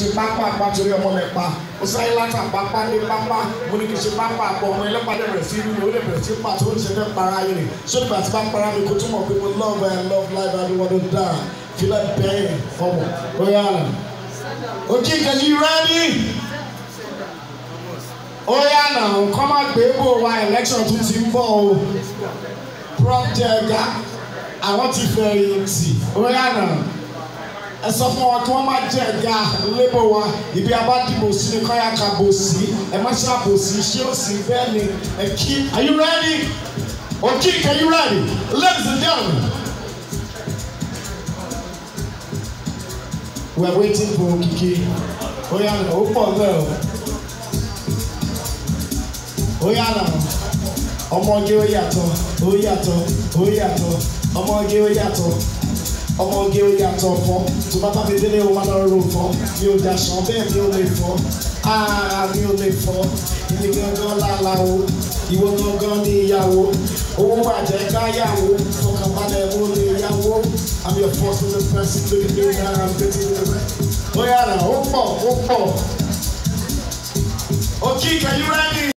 ṣe pápá àpàtúrí ọmọ rẹ̀ pa ó sáré látà pápá ní pápá mo ní kí n ṣe pápá àpọ̀ ọmọ ẹlẹ́pàdé rẹ̀ sí inú ó lè bẹ̀rẹ̀ sí pàtó ó ṣe fẹ́ para ayé rẹ̀ sódì bàtí bá para mi kó túmọ̀ pé mo love and love life and what don't die fílẹ̀ bẹ́ẹ̀ fọmọ ó yà á òkè ìkẹjì rẹ́ẹ̀dì ó yà á nà nǹkan má gbé bò wá election tún ti ń bọ̀ o prop jẹ̀ga àwọn ti fẹ̀yìntì ó yà á ɛsɛ wa kí wọn máa jẹ ẹga lébò wa ibi abadi bòsí ni kọ́ya ka bòsí ẹ̀mẹ́sà bòsí ṣé o sì bẹ́ẹ̀ ni ẹ̀kí are you ready òkì okay, are you ready ladies and gentlemen. we are waiting for Okiki oya na o pọ bẹ́ẹ̀ o oya na ọmọge ó yàtọ̀ ó ọmọge ó ọmọge ó yàtọ̀ fọ́ tó bá bá mi délé ó máa lọ fọ́ mi ò dàṣán bẹ́ẹ̀ mi ò lè fọ́ ara mi ò lè fọ́ ìní gangan láláwo ìwọ gangan ní ìyàwó owó bàjẹ́ káyàwó fọkànbalẹ̀ mo lè yàwó àmì ọ̀fọ́ sí ní pẹ́sì lórí pé náírà ń bẹ́tí ní ẹgbẹ́. bóyá rà ó pọ̀ ó pọ̀. Okay, can you ready?